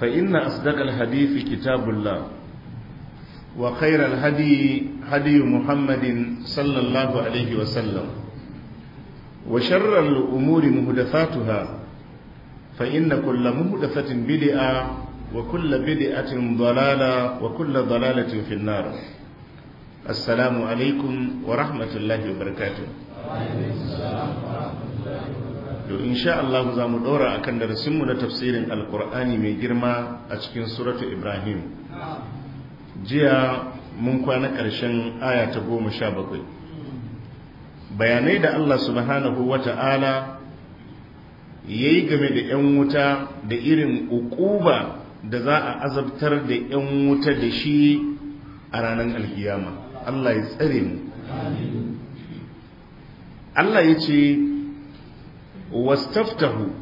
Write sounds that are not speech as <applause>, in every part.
فإن أصدق الحديث كتاب الله وخير الهدي هدي محمد صلى الله عليه وسلم وشر الأمور مهدفاتها فإن كل مهدفة بدئة وكل بدئة ضلالة وكل ضلالة في النار السلام عليكم ورحمة الله وبركاته yau sha Allah za mu ɗora kan darasinmu na tafsirin alkur'ani mai girma a cikin suratu ibrahim jiya mun kwana ƙarshen aya ta goma sha bakwai bayanai da Allah subhanahu wa ta'ala ya yi game da 'yan wuta da irin ukuba da za a azabtar da 'yan wuta da shi a ranar alkiyama Allah ya tsare mu Allah ya ce wastaftahu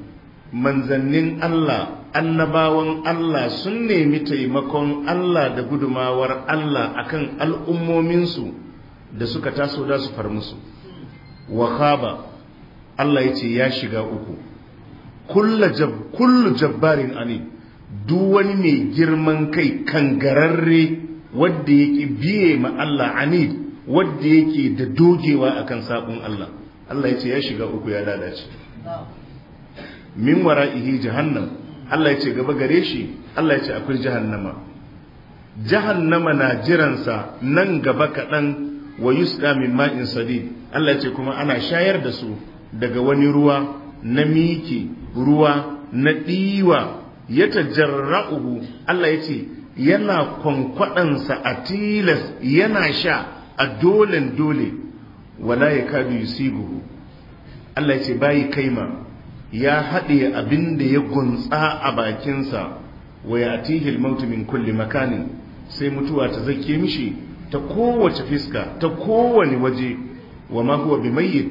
manzannin Allah annabawan Allah sun nemi taimakon Allah da gudumawar Allah akan al'ummominsu da suka taso da su far musu wahaba Allah ya ce ya shiga uku kullu jabbarin ani duk wani mai girman kai kan gararre wadda yake biye ma Allah anid wadda yake da dogewa akan sabon Allah Allah ya ce ya shiga uku ya lalace min wara ihi jahannam Allah ya ce gaba gare shi Allah ya ce akwai jahannama jahannama na jiransa nan gaba kaɗan wa yusda min ma'in sadid Allah ya ce kuma ana shayar da su daga wani ruwa na miki ruwa na ɗiwa ya tajarra'uhu Allah ya ce yana kwankwaɗansa a tilas yana sha a dolen dole wala ya kadu yusibuhu Allah ce bayi kaima ya haɗe abin da ya gunsa a bakinsa wa ya atihil mautu min kulli makanin sai mutuwa ta zake mishi ta kowace fiska ta kowane waje wa ma huwa bimayyit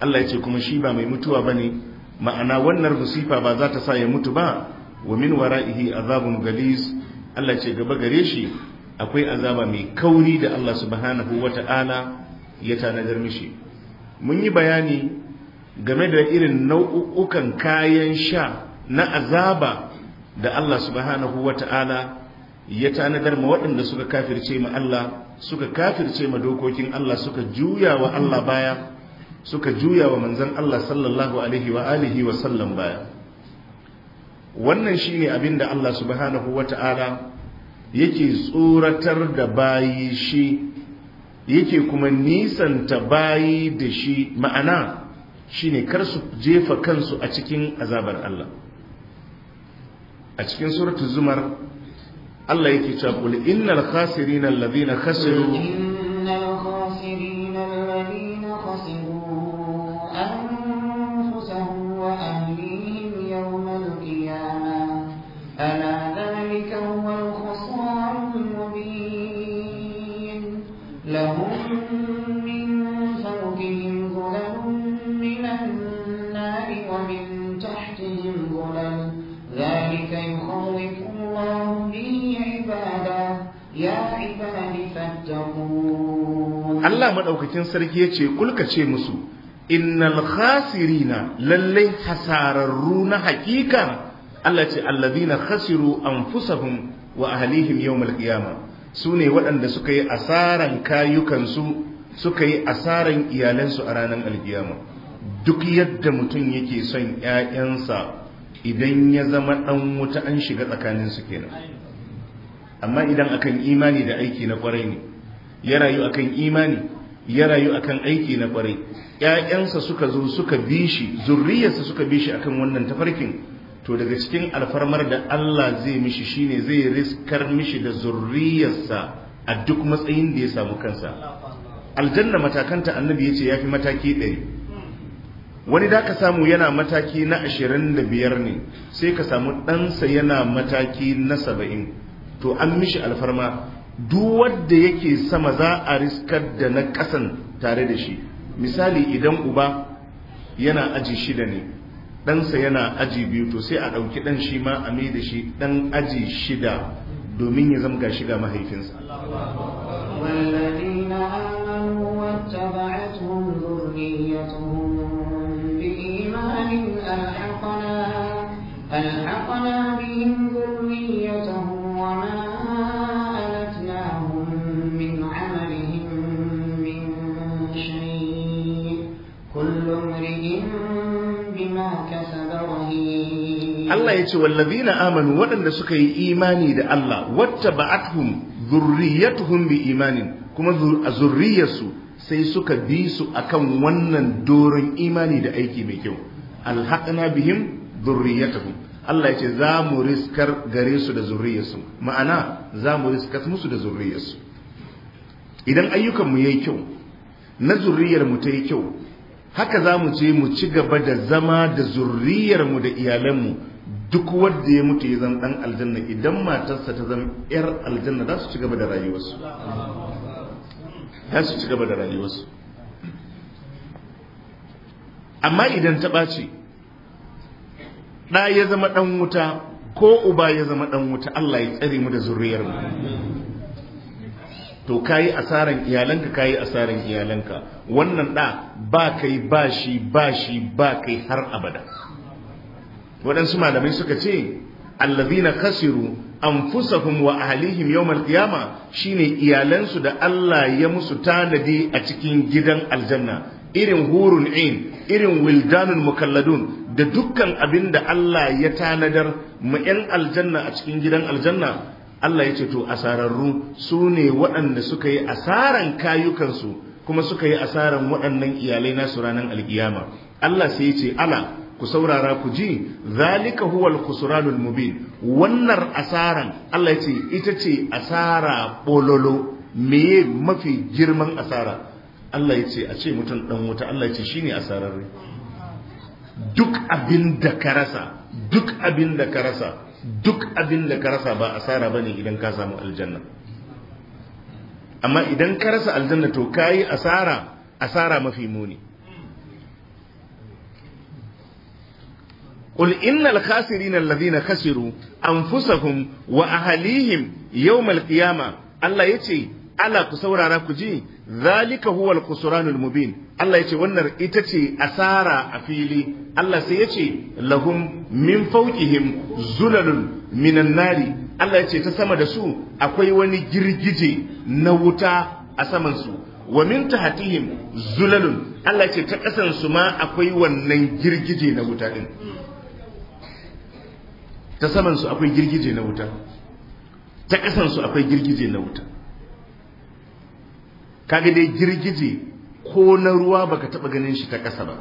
Allah ya ce kuma shi ba mai mutuwa bane ma'ana wannan musifa ba za ta sa ya mutu ba wa min wara'ihi azabun galis Allah ya ce gaba gare shi akwai azaba mai kauri da Allah subhanahu wata'ala ya tanadar mishi mun yi bayani game da irin nau'ukan kayan sha na azaba da Allah subhanahu wata'ala ya tanadar ma waɗanda suka kafirce ma Allah suka kafirce ma dokokin Allah suka juya wa Allah baya suka juya wa manzan Allah sallallahu alaihi wa alihi wa sallam baya wannan shine abin da Allah subhanahu wata'ala yake tsoratar da bayi shi yake kuma nisanta bayi da shi ma'ana ne kar su jefa kansu a cikin azabar Allah a cikin suratul zumar Allah yake cewa qul innal khasirin allazina khasiru Allah maɗaukakin sarki ya ce kulka ce musu innal na lallai hasararru na hakika Allah ce alladhina khasiru anfusahum wa ahlihim yawmal qiyamah sune waɗanda suka yi asaran kayukansu suka yi asaran iyalansu a ranar alkiyama duk yadda mutum yake son ‘ya'yansa idan ya zama ɗan wuta an shiga tsakaninsu kenan amma idan akan imani da aiki na ƙwarai ne ya rayu akan imani ya rayu akan aiki na kwarai Ya'yansa suka zo suka bi shi zurriyarsa suka bi shi akan wannan tafarkin to daga cikin alfarmar da Allah zai mishi shine zai riskar mishi da zurriyarsa a duk matsayin da ya samu kansa aljanna matakanta annabi ya ce ya fi mataki ɗari wani da ka samu yana mataki na ashirin da biyar ne sai ka samu ɗansa yana mataki na saba'in to an mishi alfarma duk wanda yake sama za a riskar da na kasan tare da shi misali idan uba yana aji shida ne ɗansa yana aji biyu to sai a ɗauki ɗan shi ma a mai da shi ɗan aji shida domin ya zama gashi ga mahaifinsa بهم Allah ya ce wallazina amanu waɗanda suka yi imani da Allah wata ba'athum zurriyatuhum bi imanin kuma zurriyarsu sai suka bi su akan wannan doron imani da aiki mai kyau alhaqna bihim zurriyatuhum Allah ya ce za mu riskar gare su da zurriyarsu ma'ana za mu riskar musu da zurriyarsu idan ayyukanmu ya yi kyau na mu ta yi kyau haka za mu ce mu ci gaba da zama da zurriyarmu da iyalanmu duk wanda ya mutu ya zama dan aljanna idan matarsa ta zama yar aljanna za su ci gaba da rayuwarsu za su ci gaba da rayuwarsu amma idan ta ɓaci ɗa ya zama ɗan wuta ko uba ya zama ɗan wuta Allah ya tsare mu da zuriyar mu to kayi asaran iyalanka kayi asaran iyalanka wannan ɗa ba kai ba shi ba shi ba kai har abada waɗansu malamai suka ce na kasiru anfusahum wa ahlihim yawmal qiyama shine iyalansu da Allah ya musu tanadi a cikin gidan aljanna irin hurun in irin wildanun mukalladun da dukkan abin da Allah ya tanadar mu yan aljanna a cikin gidan aljanna Allah ya ce to asararru su ne waɗanda suka yi asaran kayukansu kuma suka yi asaran waɗannan iyalai nasu ranar alkiyama Allah sai ya ce ala ku saurara ku ji zalika huwa al-khusranul mubin wannan asaran Allah ya ce ita ce asara bololo me mafi girman asara Allah ya ce a ce mutum dan wuta Allah ya ce shine asararre duk abin da ka rasa duk abin da ka rasa duk abin da ka rasa ba asara bane idan ka samu aljanna amma idan ka rasa aljanna to kayi asara asara mafi muni قل إن الخاسرين الذين خسروا أنفسهم wa ahalihim القيامة الله يتي Allah ku saurara ku ji zalika huwa al mubin Allah yace wannan ita ce asara a fili Allah sai yace lahum min fawqihim zulalun minan nari Allah yace ta sama da su akwai wani girgije na wuta a saman su wa min tahtihim zulalun Allah yace ta kasan su ma akwai wannan girgije na wuta din ta samansu akwai girgije na wuta ta su akwai girgije na wuta kaga dai girgije ko na ruwa baka taɓa ganin shi ta kasa ba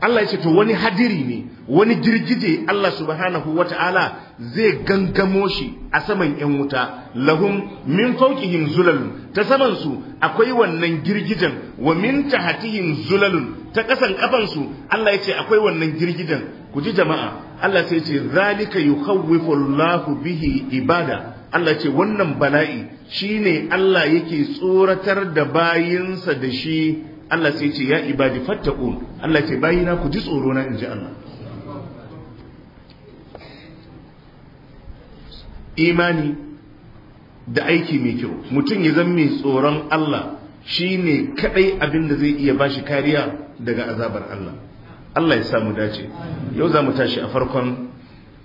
Allah ya ce to wani hadiri ne wani girgije Allah subhanahu wata'ala zai gangamo shi a saman yan wuta lahum min fawqihim zulal ta saman su akwai wannan girgijen wa min tahtihim zulalun ta kasan kafan su Allah ya ce akwai wannan girgijen ku ji jama'a Allah sai ya ce zalika yukhawwifu Allah bihi ibada Allah ce wannan bala'i shine Allah yake tsoratar da bayinsa da shi Allah sai ce ya ibadi fattaqun Allah ce bayina ku ji tsoro na inji Allah imani da aiki mai kyau mutum ya zama mai tsoron Allah shi ne kadai abin da zai iya bashi kariya daga azabar Allah Allah ya samu dace yau za mu tashi a farkon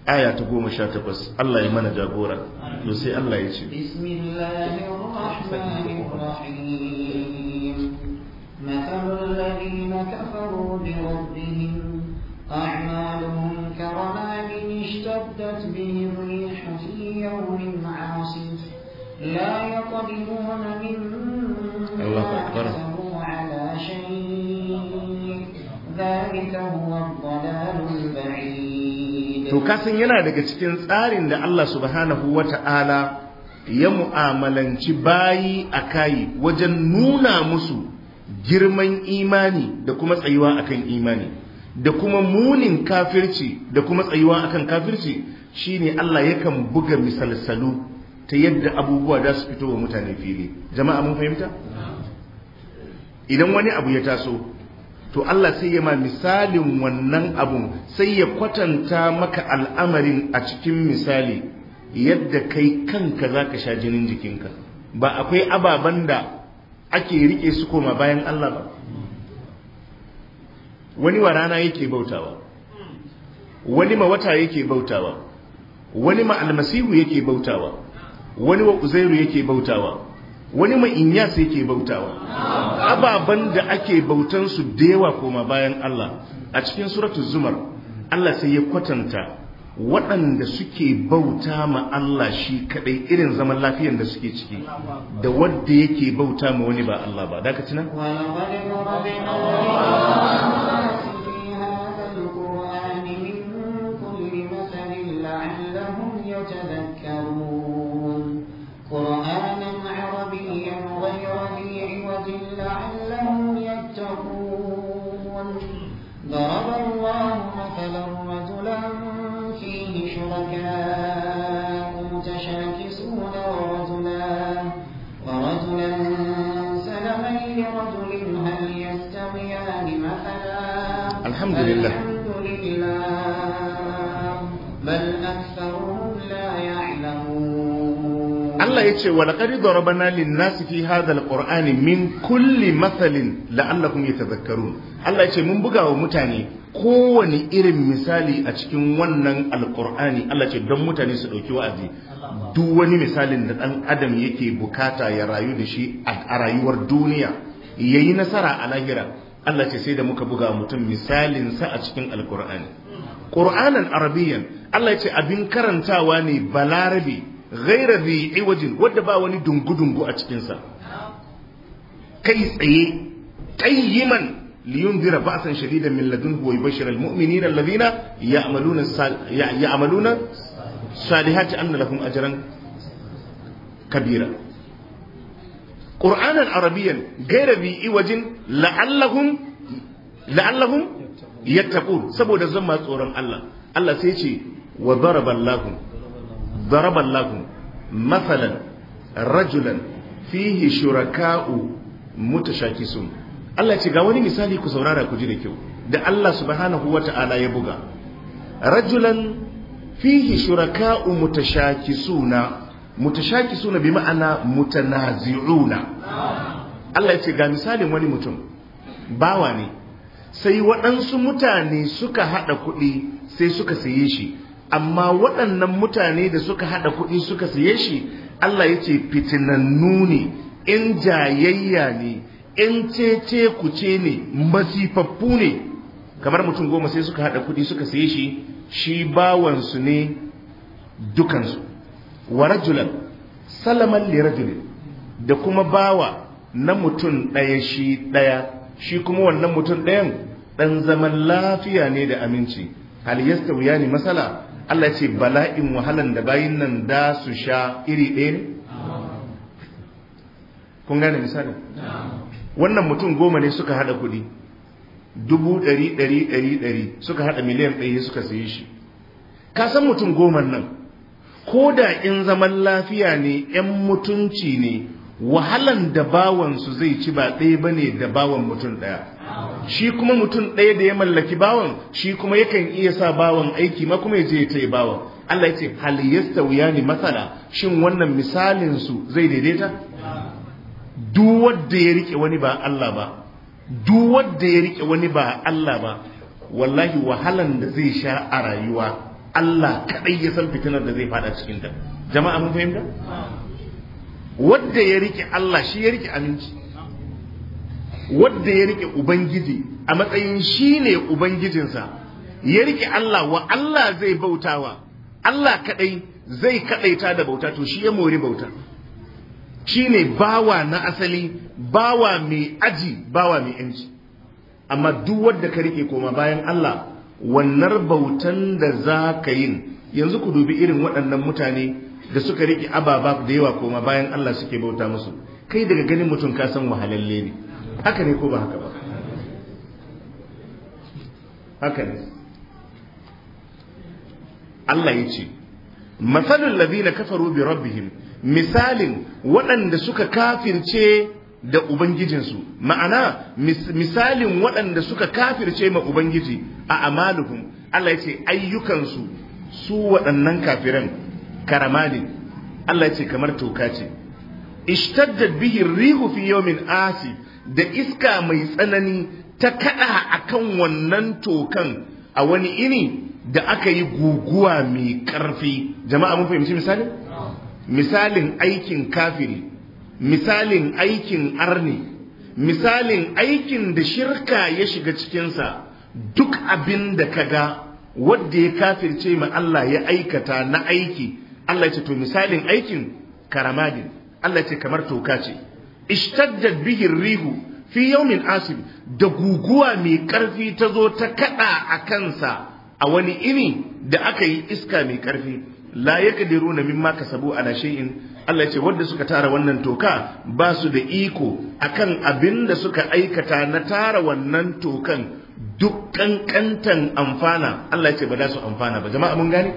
aya ta goma sha takwas Allah ya mana jagora to sai Allah ya ce bismillahirrahmanirrahim الذين كفروا بربهم أعمالهم كرماد اشتدت به الريح في يوم عاصف لا يقدرون مما كسبوا على شيء ذلك هو الضلال البعيد to kasan yana daga cikin tsarin da Allah subhanahu wata'ala ya mu'amalanci bayi a kayi wajen nuna musu girman imani da kuma tsayuwa akan imani da kuma munin kafirci da kuma tsayuwa akan kafirci shine Allah yakan buga misalsalu ta yadda abubuwa za su fito wa mutane fili jama'a mun fahimta idan wani abu ya taso to Allah sai ya ma misalin wannan abun sai ya kwatanta maka al'amarin a cikin misali yadda kai kanka zaka sha jinin jikinka ba akwai ababen da ake rike su koma bayan Allah ba wani wa rana yake bautawa wani ma wata yake bautawa wani ma almasihu yake bautawa wani wa uzairu yake bautawa wani ma inyasa yake bautawa ababan da ake bautan su da yawa koma bayan Allah a cikin suratul zumar Allah sai ya kwatanta waɗanda suke bauta ma Allah shi kaɗai irin zaman lafiyar da suke ciki da wadda yake bauta ma wani ba Allah ba da ka الحمد لله الحمد لله بل أكثرهم لا يعلمون الله يتشي ولقد ضربنا للناس في هذا القرآن من كل مثل Allah يتذكرون الله يتشي من بقى ومتاني kowane irin misali a cikin wannan alkur'ani Allah ce don mutane su ɗauki wa'azi duk wani misalin da ɗan adam yake bukata ya rayu da shi a rayuwar duniya ya yi nasara a lahira Allah ce sai da muka buga mutum misalin sa a cikin alkur'ani qur'anan arabiyyan Allah ya ce abin karantawa ne balarabi ghaira bi iwajin wadda ba wani dungu-dungu a cikinsa kai tsaye qayyiman liyundira ba'san shadidan min ladunhu wa yubashshiral mu'minina alladhina ya'maluna ya'maluna salihati anna lahum ajran kabira qur'anan arabiyan gaira bi iwajin la'allahum la'allahum saboda zama tsoron Allah Allah sai ce wa daraballahu daraballahu masalan rajulan fihi shuraka'u mutashakisun Allah ce ga wani misali ku saurara ku ji da kyau da Allah subhanahu wata'ala ya buga rajulan fihi shuraka'u mutashakisuna suna bi ma'ana mutanazi'una Allah ya ce ga misalin wani mutum bawa ne sai waɗansu mutane suka haɗa kuɗi sai suka saye shi amma waɗannan mutane da suka haɗa kuɗi suka saye shi Allah ya ce fitinannu ne in jayayya ne in cece kuce ne masifaffu ne kamar mutum goma sai suka haɗa kuɗi suka saye shi shi bawansu ne dukansu wa rajulan salaman li da kuma bawa na mutum ɗaya shi ɗaya shi kuma wannan mutum ɗayan ɗan zaman lafiya ne da aminci hal wuya ne masala Allah ce bala'in wahalan da bayin nan da su sha iri ɗaya ne kun gane misali wannan mutum goma ne suka haɗa kuɗi dubu ɗari ɗari ɗari ɗari suka haɗa miliyan ɗaya suka sayi shi ka san mutum goma nan ko da in zaman lafiya ne 'yan mutunci ne wahalan da bawansu zai ci ba ɗaya ba ne da bawan mutum ɗaya shi kuma mutum ɗaya da ya mallaki bawan shi kuma yakan iya sa bawan aiki ma kuma ya je ta yi bawan Allah ya ce hal yastawiya ne matsala shin wannan misalinsu zai daidaita duk wanda ya rike wani ba Allah ba duk wanda ya rike wani ba Allah ba wallahi wahalan da zai sha a rayuwa Allah kaɗai ya san fitinar da zai faɗa cikin da jama'a mun fahimta Wadda ya rike Allah shi ya rike aminci Wadda ya rike ubangiji a matsayin shi ne ubangijinsa ya rike Allah wa Allah zai bautawa Allah kaɗai zai kadaita da bauta to shi ya mori bauta shi ne bawa na asali bawa mai aji bawa mai yanci amma duk wadda ka rike koma bayan Allah wannan bautan da za ka yin yanzu ku dubi irin waɗannan mutane da suka riƙe ababa da yawa koma bayan Allah suke bauta musu kai daga ganin mutum ka san wahalalle ne haka ne ko ba haka ba haka ne Allah ya ce matsalin ladina kafaru bi rabbihim misalin waɗanda suka kafirce da ubangijinsu ma'ana misalin waɗanda suka kafirce ma ubangiji a amaluhum Allah ya ce ayyukansu su waɗannan kafiran karamani Allah ya ce kamar toka ce ishtaddat bihi rihu fi yawmin asi da iska mai tsanani ta kada akan wannan tokan a wani ini da aka yi guguwa mai ƙarfi jama'a mun fahimci misalin misalin aikin kafiri misalin aikin arni misalin aikin da shirka ya shiga cikinsa duk abin da ka ga wadda ya kafirce ma Allah ya aikata na aiki Allah ce to misalin aikin karamadin Allah ce kamar toka ce ishtaddat bihi rihu fi yawmin asib da guguwa mai karfi ta zo ta kada a kansa a wani ini da aka yi iska mai karfi la na mimma kasabu ala shay'in Allah ce wadda suka tara wannan toka ba su da iko akan abin da suka aikata na tara wannan tokan duk kankantan amfana Allah ce ba za su amfana ba jama'a mun gane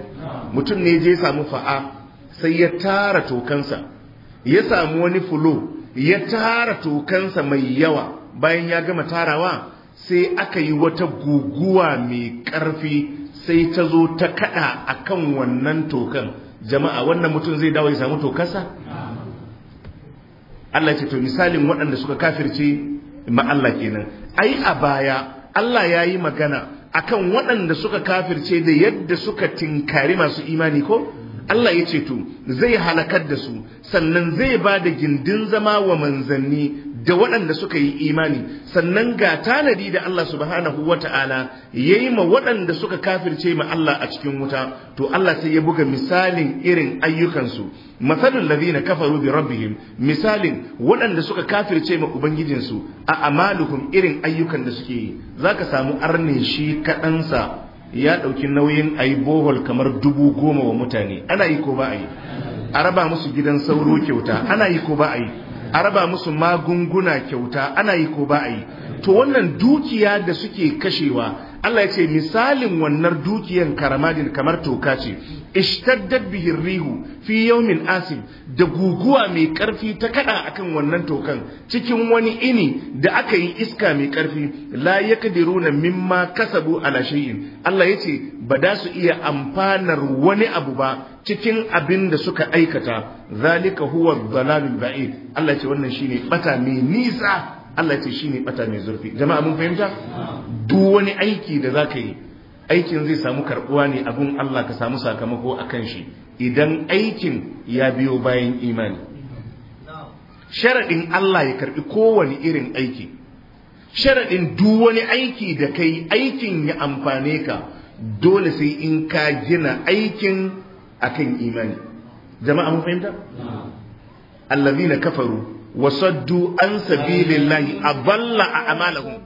mutum ne je samu fa'a sai ya tara tokansa ya samu wani fulo ya tara tokansa mai yawa bayan ya gama tarawa sai aka yi wata guguwa mai karfi sai ta zo ta kada kan wannan tokan jama'a wannan mutum zai dawo ya samu tokansa Allah ce to misalin waɗanda suka kafirce ma Allah kenan ai a baya Allah ya yi magana a kan waɗanda suka kafirce da yadda suka tinkari masu imani ko Allah ya ce to zai halakar da su sannan zai ba da gindin zama wa manzanni da waɗanda suka yi imani sannan ga tanadi da Allah subhanahu wa ta'ala ya yi ma waɗanda suka kafirce ma Allah a cikin wuta to Allah sai ya buga misalin irin ayyukansu matsalin na kafaru bi rabbihim misalin waɗanda suka kafirce ma ubangijinsu a amalukun irin ayyukan da suke yi za ka samu arnin shi kaɗansa ya ɗauki nauyin a yi bohol kamar dubu goma wa mutane ana yi ko ba a yi a raba musu gidan sauro kyauta ana yi ko ba a yi a raba musu magunguna kyauta ana yi ko ba a yi to wannan dukiya da suke kashewa Allah ya ce misalin wannan dukiyan karamadin kamar toka ce ishtaddad bihi rihu fi yawmin asim da guguwa mai karfi ta kada akan wannan tokan cikin wani ini da aka yi iska mai karfi la yakdiruna mimma kasabu ala shay'in Allah ya ce ba da su iya amfanar wani abu ba cikin abin da suka aikata zalika huwa dhalalul ba'id Allah ya ce wannan shine bata mai nisa Allah ce ne bata mai zurfi jama'a mun fahimta duk wani aiki da zaka yi aikin zai samu karbuwa ne abun Allah ka samu sakamako akan shi idan aikin ya biyo bayan imani Sharaɗin Allah ya karbi kowane irin aiki Sharaɗin duk wani aiki da kai aikin ya amfane ka dole sai in ka gina aikin akan imani jama'a mun fahimta allazina kafaru wasaddu an sabilillahi aballa a amalahum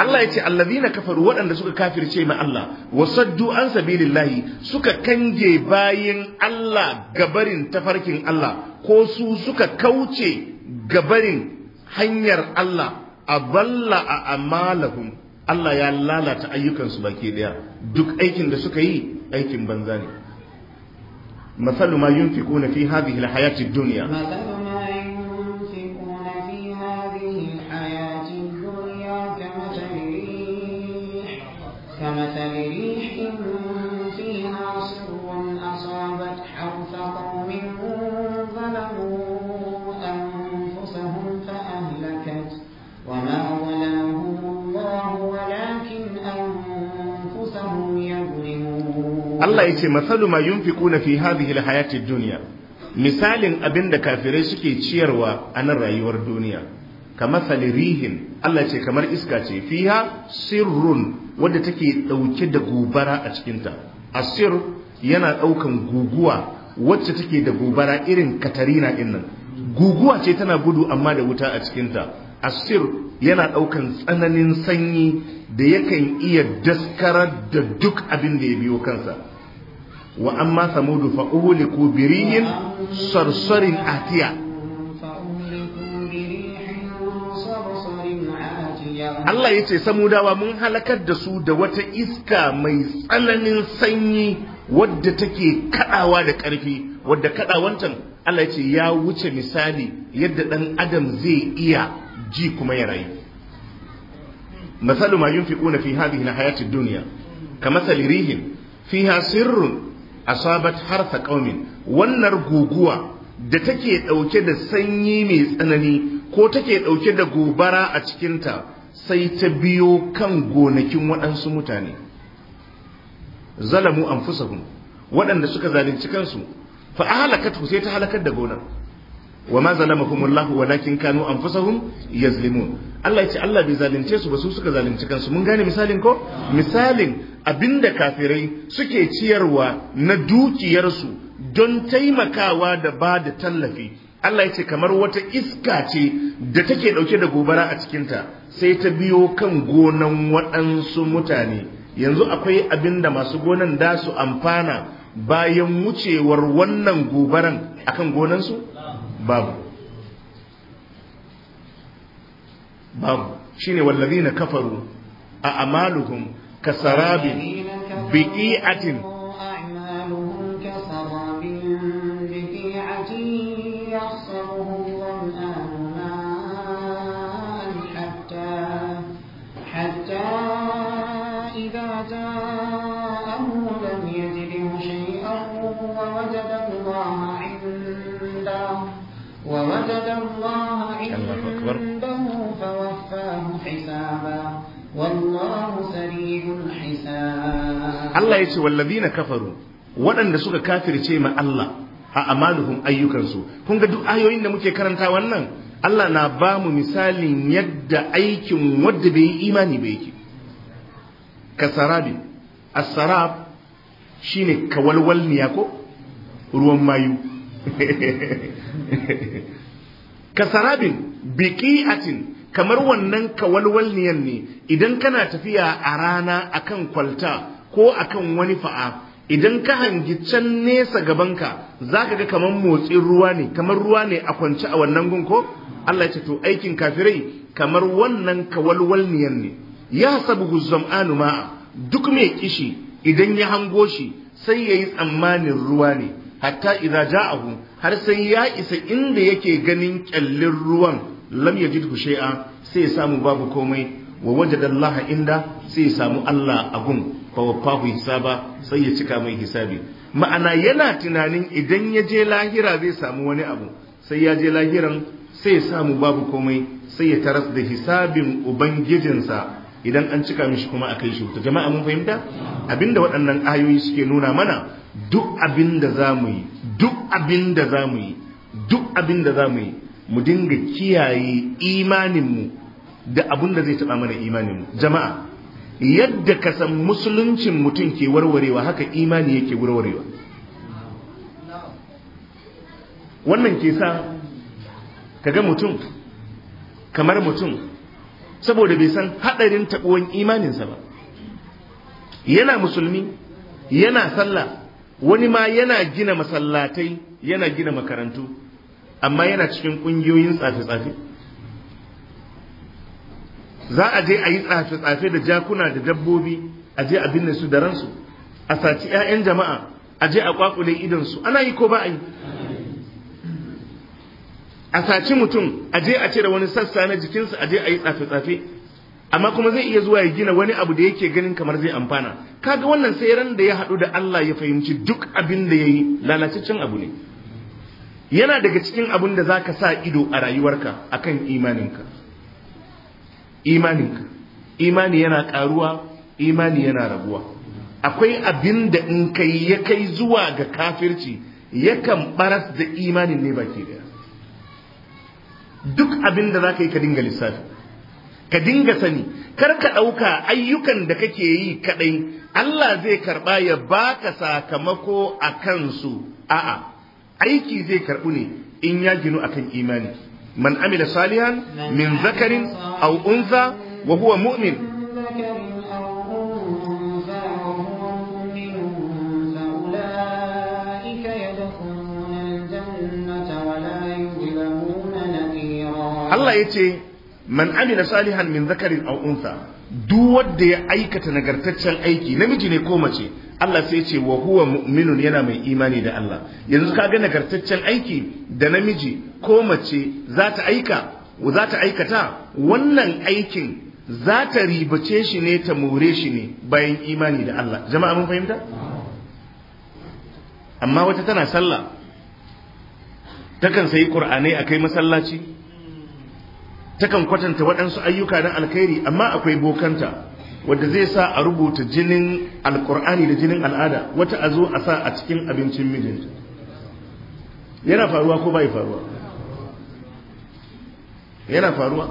Allah ya ce allazina kafaru waɗanda suka kafirce ma Allah wasaddu an sabilillahi suka kange bayin Allah gabarin tafarkin Allah ko su suka kauce gabarin hanyar Allah aballa a amalahum Allah ya lalata ayyukansu baki daya duk aikin da suka yi aikin banza ne مثل ما ينفقون في هذه الحياة الدنيا ce masalu ma yunfiquna fi hadhihi alhayati dunya misalin abin da kafirai suke ciyarwa a nan rayuwar duniya kamar salirihin Allah ce kamar iska ce fiha sirrun wadda take dauke da gubara a cikinta asir yana daukan guguwa wacce take da gubara irin katarina dinnan guguwa ce tana gudu amma da wuta a cikinta asir yana daukan tsananin sanyi da yakan iya daskarar da duk abin da ya biyo kansa wa amma samudu fa uhliku bi rihin sarsarin atiya Allah ya ce samudawa mun halakar da su da wata iska mai tsananin sanyi wadda take kadawa da ƙarfi wadda kadawantan Allah ya ya wuce misali yadda dan adam zai iya ji kuma ya rayu مثل ما ينفقون في هذه الحياة الدنيا كمثل ريح فيها سر asabat harfa kaumin wannan guguwa da take dauke da sanyi mai tsanani ko take dauke da gobara a cikinta sai ta biyo kan gonakin waɗansu mutane zalamu anfusahum waɗanda suka zalunci kansu fa ahalakatu sai ta halakar da gonar wa ma zalamahumullahu walakin kanu anfusahum yazlimun Allah yace Allah bai zalunce su ba su suka zalunci kansu mun gane misalin ko misalin abinda kafirai suke ciyarwa na dukiyarsu don taimakawa da ba da tallafi Allah yace kamar wata iska ce da take dauke da gobara a cikinta sai ta biyo kan gonan waɗansu mutane yanzu akwai abinda masu gonan da su amfana bayan wucewar wannan gobaran akan gonansu babu babu shine wallazina kafaru a amaluhum kasarabin bi'atin Allah عنده فوفاه حسابا والله سريع الحساب waɗanda suka kafirce ma Allah a amaluhum ayyukansu kun ga duk ayoyin da muke karanta wannan Allah na ba mu misalin yadda aikin wadda bai yi imani ba yake kasarabi asarab shine kawalwalniya ko ruwan mayu <laughs> kasarabin biqi'atin kamar wannan kawalwalniyan ne idan kana tafiya a rana akan kwalta ko akan wani fa'a idan ka hangi can nesa gabanka zaka ga kamar motsin ruwa ne kamar ruwa ne a kwance a wannan gun ko Allah ya ce to aikin kafirai kamar wannan kawalwalniyan ne ya sabu zam'anu ma'a duk mai kishi idan ya hango shi sai yayi tsammanin ruwa ne hatta idza ja'ahu har sai ya isa inda yake ganin kyallin ruwan lam yajidhu shay'a sai ya samu babu komai wa wajada Allah inda sai ya samu Allah a gun fa wafahu hisaba sai ya cika mai hisabi ma'ana yana tunanin idan ya je lahira zai samu wani abu sai ya je lahiran sai ya samu babu komai sai ya taras da hisabin ubangijinsa idan an cika mishi kuma a kai shi to jama'a mun fahimta abinda waɗannan ayoyi suke nuna mana duk abin da za mu yi duk abin da za mu yi duk abin da za mu yi mu dinga kiyaye imaninmu da abin da zai taɓa mana imaninmu jama'a yadda ka san musuluncin mutum ke warwarewa haka imani yake warwarewa wannan ke sa ka ga mutum kamar mutum saboda bai san haɗarin taɓuwan imaninsa ba yana musulmi yana sallah wani ma yana gina masallatai yana gina makarantu amma yana cikin ƙungiyoyin tsafe-tsafe za a je a yi tsafe-tsafe da jakuna da dabbobi a je a binne su da ransu a saci 'ya'yan jama'a a je a kwakule idonsu ana yi ko ba a yi a saci mutum a je a cire wani sassa na jikinsa a je a yi tsafe-tsafe amma kuma zai iya zuwa ya gina wani abu da yake ganin kamar zai amfana kaga wannan sai ran da ya haɗu da Allah ya fahimci duk abin da yayi lalacicin abu ne yana daga cikin abin da zaka sa ido a rayuwarka akan imaninka imaninka imani yana karuwa imani yana rabuwa. akwai abin da in kai ya kai zuwa ga kafirci yakan baras da imanin ne baki daya duk abin da zaka yi ka dinga lissafi ka dinga sani kar ka ɗauka ayyukan da kake yi kaɗai Allah zai karɓa ya baka sakamako a kansu a'a aiki zai karɓu ne in ya ginu akan imani man amila salihan min zakarin aw unza wa huwa mu'min Allah ya ce man Amina salihan min zakarin aw unsa duk wanda ya aikata nagartaccen aiki namiji ne ko mace Allah sai ce wa huwa mu'minun yana mai imani da Allah yanzu kaga nagartaccen aiki da namiji ko mace za ta aika za ta aikata wannan aikin za ta ribace shi ne ta more shi ne bayan imani da Allah jama'a mun fahimta amma wata tana sallah takan sayi qur'anai akai masallaci takan kwatanta waɗansu ayyuka na alkhairi amma akwai bokanta wadda zai sa a rubuta jinin alkur'ani da jinin al'ada wata a zo a sa a cikin abincin mijinta yana faruwa ko bai faruwa yana faruwa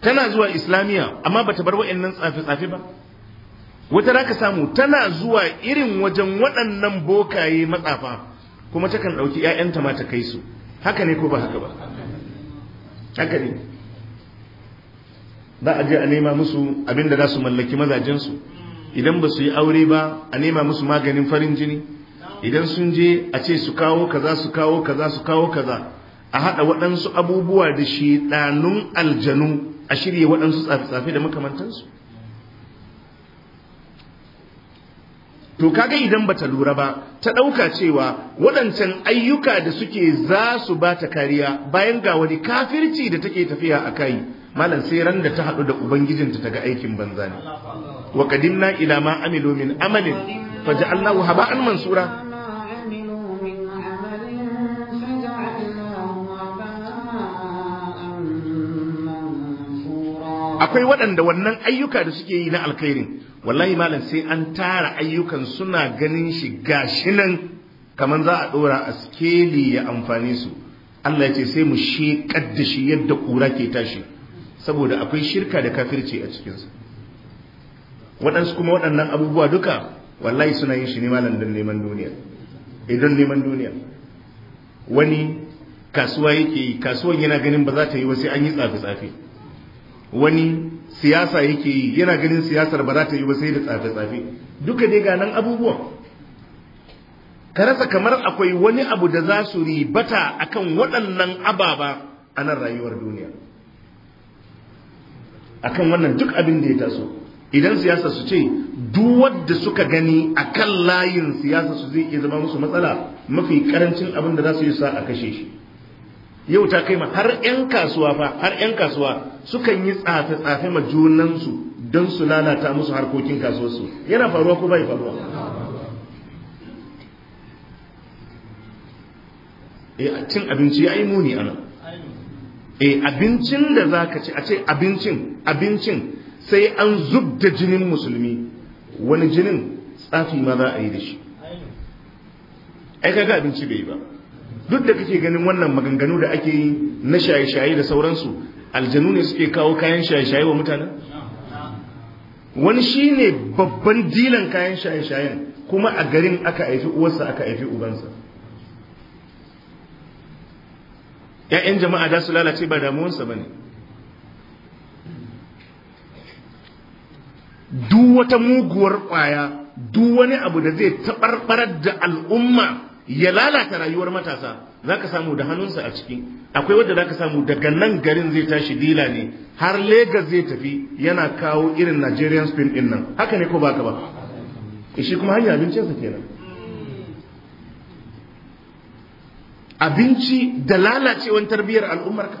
tana zuwa islamiyya amma bata bar wa'annan tsafe-tsafe ba wata raka samu tana zuwa irin wajen waɗannan bokaye matsafa kuma takan ɗauki 'ya'yanta ma ta kai su haka ne ko ba haka ba haka ne Ba a je a nema musu abinda za su mallaki mazajensu idan ba su yi aure ba a nema musu maganin farin jini idan sun je a ce su kawo kaza su kawo kaza su kawo kaza a haɗa waɗansu abubuwa da shi ɗanun aljanu a shirya waɗansu tsafi-tsafi da makamantansu to kaga idan bata lura ba ta ɗauka cewa waɗancan ayyuka da suke za su ba ta kariya bayan ga wani kafirci da take tafiya a kai malam sai ran da ta haɗu da ubangijinta ta ga aikin banza ne wa qadimna ila ma amilu min amalin faj'alnahu haba'an mansura akwai waɗanda wannan ayyuka da suke yi na alkhairin wallahi malam sai an tara ayyukan suna ganin shi gashi nan kamar za a ɗora a skeli ya amfani su Allah ya ce sai mu sheƙar da shi yadda ƙura ke tashi saboda akwai shirka da kafirci a cikinsa waɗansu kuma waɗannan abubuwa duka wallahi suna yin shi ne malam don neman duniya idan eh, neman duniya wani kasuwa yake yi kasuwan yana ganin ba za ta yi wasu an yi tsafi-tsafi wani siyasa yake yi yana ganin siyasar ba za ta yi ba sai da tsafe-tsafe duka dai ga nan abubuwan ka rasa kamar akwai wani abu da za su ribata akan waɗannan ababa a nan rayuwar duniya akan wannan duk abin da ya taso idan siyasa su ce duk wadda suka gani a kan layin siyasa su zai iya zama musu matsala mafi karancin abin da za su yi sa a kashe shi yau ta kai ma har 'yan kasuwa fa har 'yan kasuwa sukan yi tsafe-tsafe ma junansu don su lalata musu harkokin kasuwarsu yana faruwa ko bai faruwa eh cin abinci ya muni ana eh abincin da za ka ci a ce abincin abincin sai an zub da jinin musulmi wani jinin tsafi ma za a yi da shi ai kaga abinci bai yi ba duk da kake ganin wannan maganganu da ake yi na shaye-shaye da sauransu aljanu ne suke kawo kayan shaye-shaye wa mutane wani shi ne babban dilan kayan shaye-shayen kuma a garin aka haifi uwarsa aka haifi ubansa ‘ya'yan jama'a da su lalace ba damuwansa ba ne duk wata muguwar ƙwaya duk wani abu da zai taɓarɓarar da al'umma ya lalata rayuwar matasa za ka samu da hannunsa a ciki akwai wanda ka samu daga nan garin zai tashi dila ne har Lagos zai tafi yana kawo irin Nigerian spin din nan haka ne ko baka ba eh, shi kuma hanyar abincinsa kenan abinci da lalacewar tarbiyyar al'ummarka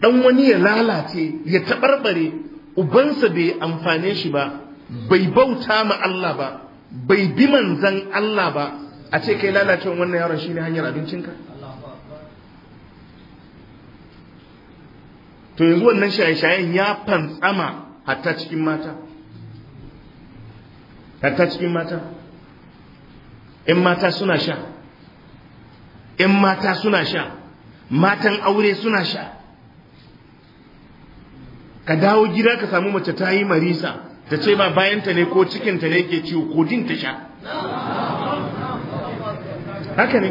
dan wani ya lalace ya taɓarɓare ubansa bai amfane shi ba bai bauta ma Allah ba bai bi manzan Allah ba a ce kai lalacewa wannan yaron shine hanyar abincinka to yanzu wannan shaye-shayen ya fantsama hatta cikin mata hatta cikin mata in mata suna sha in mata suna sha matan aure suna sha ka dawo gida ka samu mace ta yi marisa ta ce ba bayanta ne ko cikinta ne ke ciwo ko din ta sha haka ne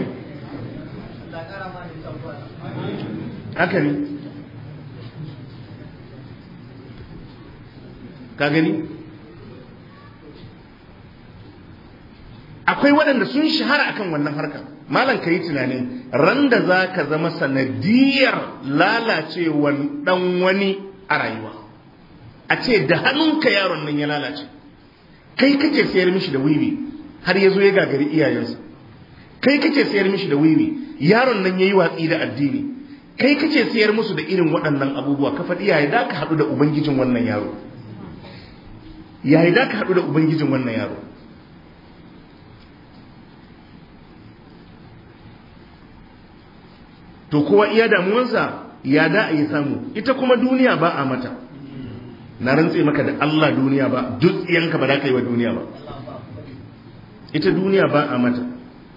haka ne ka gani akwai waɗanda sun shahara akan wannan harka malam ka yi tunanin ran da za ka zama sanadiyar lalacewar ɗan wani a rayuwa a ce da hannunka yaron nan ya lalace kai kake sayar mishi da wibi har ya zo ya gagari iyayensa kai kace sayar mishi da wiwi yaron nan yayi watsi da addini kai kace sayar musu da irin waɗannan abubuwa ka faɗi yayi da ka haɗu da ubangijin wannan yaro yayi da ka haɗu da ubangijin wannan yaro to kowa iya damuwansa ya da a yi samu ita kuma duniya ba a mata na rantse maka da Allah duniya ba duk ba za ka yi wa duniya ba ita duniya ba a mata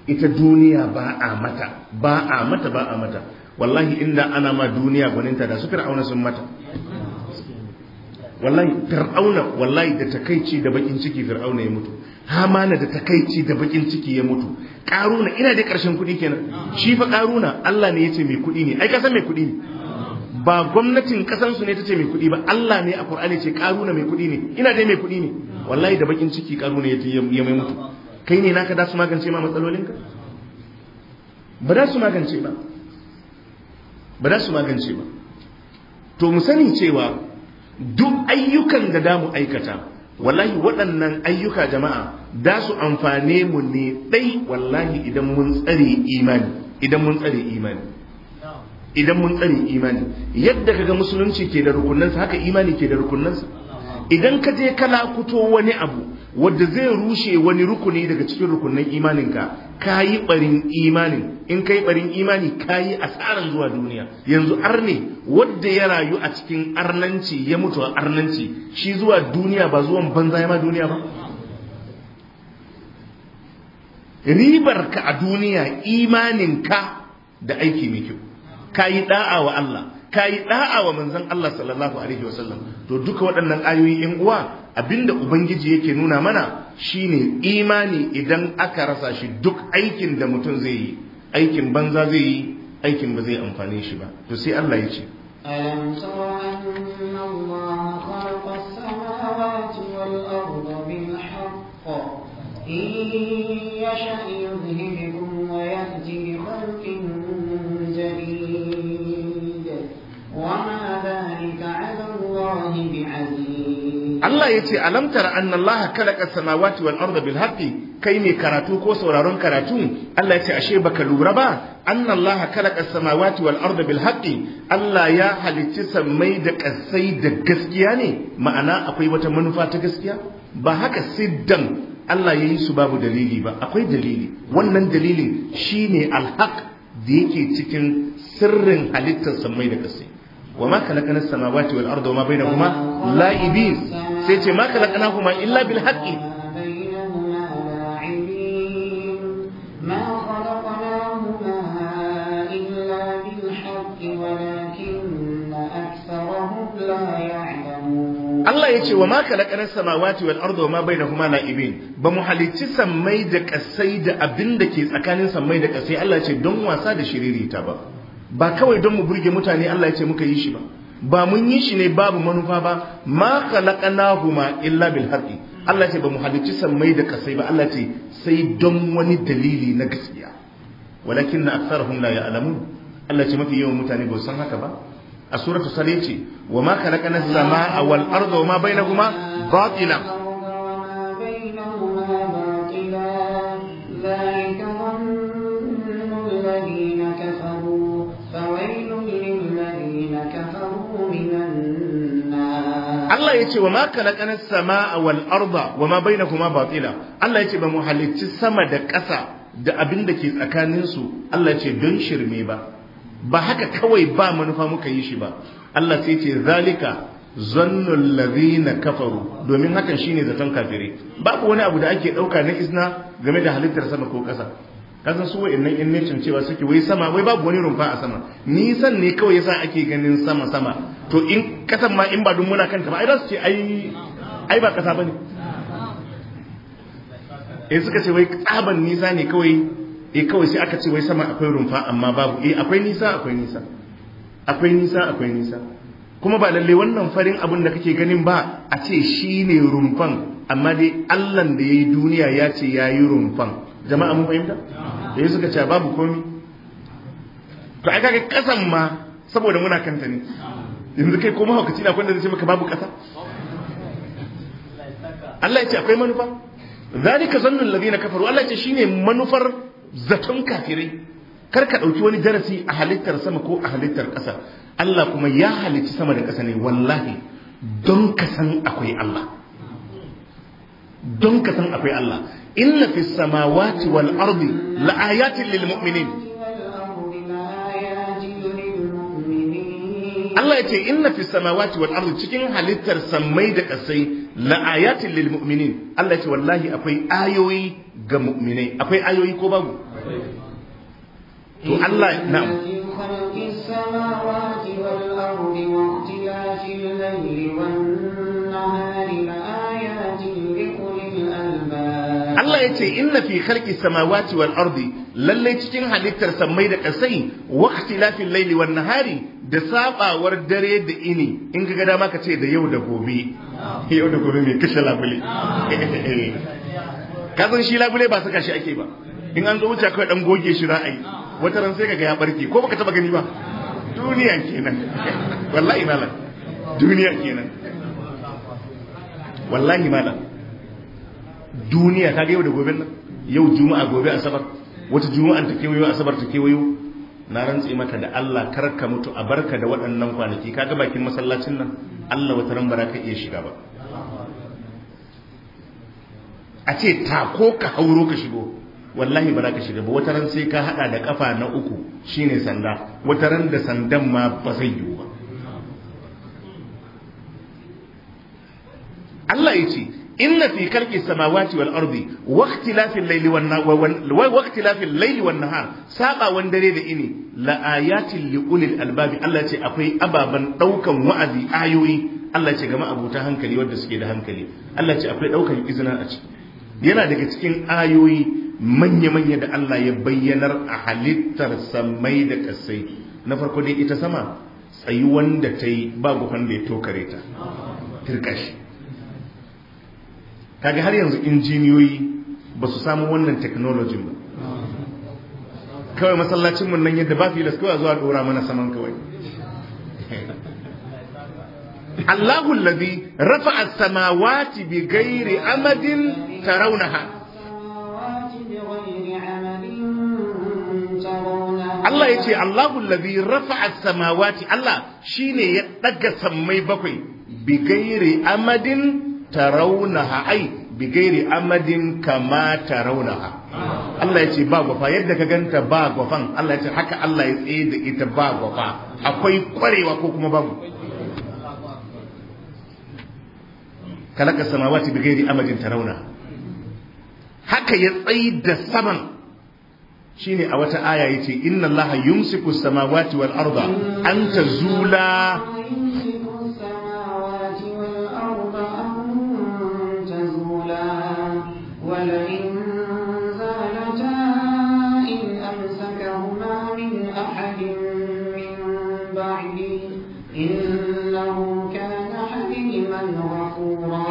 ita duniya ba a mata ba a mata ba a mata wallahi inda ana ma duniya gwaninta da su fir'auna sun mata wallahi fir'auna wallahi da takaici da bakin ciki fir'auna ya mutu hamana da takaici da bakin ciki ya mutu karuna ina da karshen kudi kenan shi fa karuna Allah ne yace mai kudi ne ai kasan mai kudi ne ba gwamnatin kasan su ne tace mai kudi ba Allah ne a Qur'ani ce karuna mai kudi ne ina dai mai kudi ne wallahi da bakin ciki karuna ya mai mutu kai ne naka da su magance ma matsalolinka ba da su magance ba ba da su magance ba to mu sani cewa duk ayyukan da damu aikata wallahi waɗannan ayyuka jama'a da su amfane mu ne ɗai wallahi idan mun tsare imani idan mun tsare imani idan mun tsare imani yadda kaga musulunci ke da rukunansa haka imani ke da rukunansa idan ka je kala kuto wani abu wadda zai rushe wani rukuni daga cikin rukunin imaninka ka yi barin imanin in ka yi barin imani ka yi asaran zuwa duniya yanzu arne wadda ya rayu a cikin arnanci ya mutu a arnanci shi zuwa duniya ba zuwan banza ya ma duniya ba ribarka a duniya imaninka da aiki mai kyau ka yi da'a wa Allah ta yi da'a wa manzon Allah sallallahu alaihi wasallam to duka waɗannan ayoyi in uwa abinda ubangiji yake nuna mana shine imani idan aka rasa shi duk aikin da mutum zai yi aikin banza zai yi aikin ba zai amfane shi ba to sai Allah ya ce alam tara anna Allah khalaqa as-samawati wal arda bil haqq in yasha yudhhibukum wa Allah ya ce alam tara anna Allah khalaqa samawati wal arda bil haqqi kai ne karatu ko sauraron karatu Allah ya ce ashe baka lura ba anna Allah khalaqa samawati wal arda bil haqqi Allah ya halicci sammai da kasai da gaskiya ne ma'ana akwai wata manufa ta gaskiya ba haka siddan Allah ya yi su babu dalili ba akwai dalili wannan dalilin shine alhak da yake cikin sirrin halittar sammai da kasai وما خلقنا السماوات والأرض وما بينهما لاعبين sai ce ma khalaqnahuma illa bil haqqi Allah ya ce wa ma kalakarar samawati wal ardu wa ma na ibin. ba mu halicci sammai da kasai da abin da ke tsakanin sammai da kasai Allah ya ce don wasa da shiririta ba ba kawai don mu burge mutane Allah ya ce muka yi shi ba ba mun yi shi ne babu manufa ba ma khalaqnahuma illa bil haqqi Allah ce ba mu halicci sammai da kasai ba Allah ce sai don wani dalili na gaskiya walakin na aktharuhum la ya'lamun Allah ce mafi yawan mutane ba san haka ba a suratu sale ce wa ma khalaqna as-samaa wal arda wa ma bainahuma batila Allah ya ce wa ma sama sama'a wal arda wa ma bai kuma batila Allah ya ce ba mu halicci sama da ƙasa da abin da ke tsakaninsu Allah ya ce don shirme ba ba haka kawai ba manufa muka yi shi ba Allah sai ce zalika zannul ladhina kafaru domin hakan shine zaton kafire babu wani abu da ake dauka na isna game da halittar sama ko ƙasa kasan su innan in nation cewa suke wai sama wai babu wani rumfa a sama nisan ne kawai yasa ake ganin sama sama to in kasan ma in ba dun muna kanta ba ai zasu su ce ai ai ba kasa bane eh suka ce wai tsaban nisa ne kawai eh kawai sai aka ce wai sama akwai rumfa amma babu eh akwai nisa akwai nisa akwai nisa akwai nisa kuma ba lalle wannan farin abin da kake ganin ba a ce shine rumfan amma dai Allah da yayi duniya ya ce yayi rumfan jama'a mun fahimta da yi suka ce babu komi to ai ga kasan ma saboda muna kanta ne yanzu kai ko mahaukaci na kwanda zai ce maka babu kasa Allah ya ce akwai manufa zalika zannul ladina kafaru Allah ya ce shine manufar zaton kafirai kar ka dauki wani darasi a halittar sama ko a halittar kasa Allah kuma ya halicci sama da kasa ne wallahi don ka san akwai Allah don ka san akwai Allah inna fis samawati wal ardi la ayatin lil mu'minin Allah ya ce inna fis samawati wal ardi cikin halittar sammai da kasai la ayatin lil mu'minin Allah ya ce wallahi akwai ayoyi ga mu'minai akwai ayoyi ko babu to Allah na'am السماوات والأرض واختلاف الليل والنهار Allah ya ce inna fi khalqi samawati wal ardi lalle cikin halittar sammai da ƙasai wa ikhtilafil layli wan nahari da sabawar dare da ini in ga gada ka ce da yau da gobe yau da gobe mai kashe labule <laughs> ka san shi labule ba saka shi ake ba in an zo wuce kawai dan goge shi ra'ayi wata ran sai kaga ya barke ko baka taba gani ba duniya kenan <laughs> wallahi malam duniya kenan wallahi malam duniya ta yau da gobe nan yau juma'a gobe asabar wata juma'a ta kewayo asabar ta kewayo na rantse maka da Allah karka mutu a barka da waɗannan kwanaki kaga bakin masallacin nan Allah wata ran baraka iya shiga ba a ce ta ko ka hauro ka shigo wallahi ba ka shiga ba wata ran sai ka hada da kafa na uku shine sanda wata ran da sandan ma ba zai yiwu ba Allah ya ce inna fi khalqis samawati wal wa ikhtilafil layli wan wa ikhtilafil layli wan nahar sabawan dare da ini la ayatin li ulil albab Allah ce akwai ababan ɗaukan wa'azi ayoyi Allah ce ga ma'abuta hankali wanda suke da hankali Allah ce akwai daukan izina a ciki yana daga cikin ayoyi manya-manya da Allah ya bayyanar a halittar samai da kasai na farko dai ita sama tsayi wanda ta yi babu wanda ya tokare ta tirkashi kaga har yanzu injiniyoyi ba su samu wannan technology ba kawai masallacin mun nan yadda ba filas laskawa zuwa dora mana saman kawai Allahu alladhi rafa'a as-samawati ghairi amadin tarawnaha Allah yace Allahu alladhi rafa'a samawati Allah shine ya daga sammai bakwai bi ghairi amadin tarawunaha ai bigairi amadin kama tarawunaha Allah ya ce ba gwafa yadda ka ganta ba gwafan Allah ya ce haka Allah ya tsaye da ita ba gwafa akwai kwarewa ko kuma babu kalaka samawati bigairi amadin tarawunaha haka ya tsaye da saman shine a wata aya yace inna allaha yumsiku samawati wal arda an tazula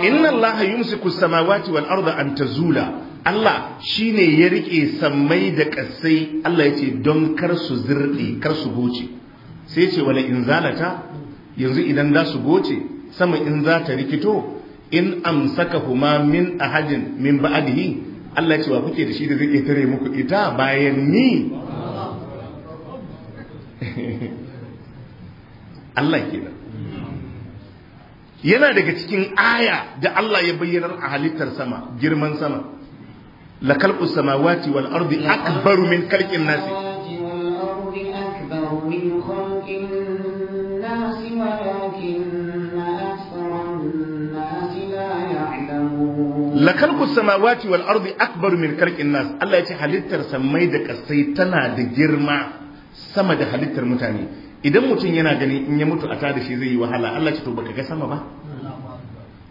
inna allaha yumsiku samawati wal arda an tazula Allah shine ya rike sammai da kasai Allah yace don kar su zirɗe kar su goce sai ce wala in zalata yanzu idan za su goce sama in za ta rikito in amsaka huma min ahadin min ba'dihi Allah yace, wa kuke da shi da zai tare muku ita bayan ni <laughs> Allah kenan yana daga cikin aya da Allah ya bayyana a halittar sama girman sama la khalqu samawati wal ardi akbaru min kalqin nasi la khalqu samawati wal ardi akbaru min khalqin nas Allah ya ce halittar samai da kasai tana da girma sama da halittar mutane idan mutum yana ganin in ya mutu a tada shi zai yi wahala Allah ce to baka ga sama ba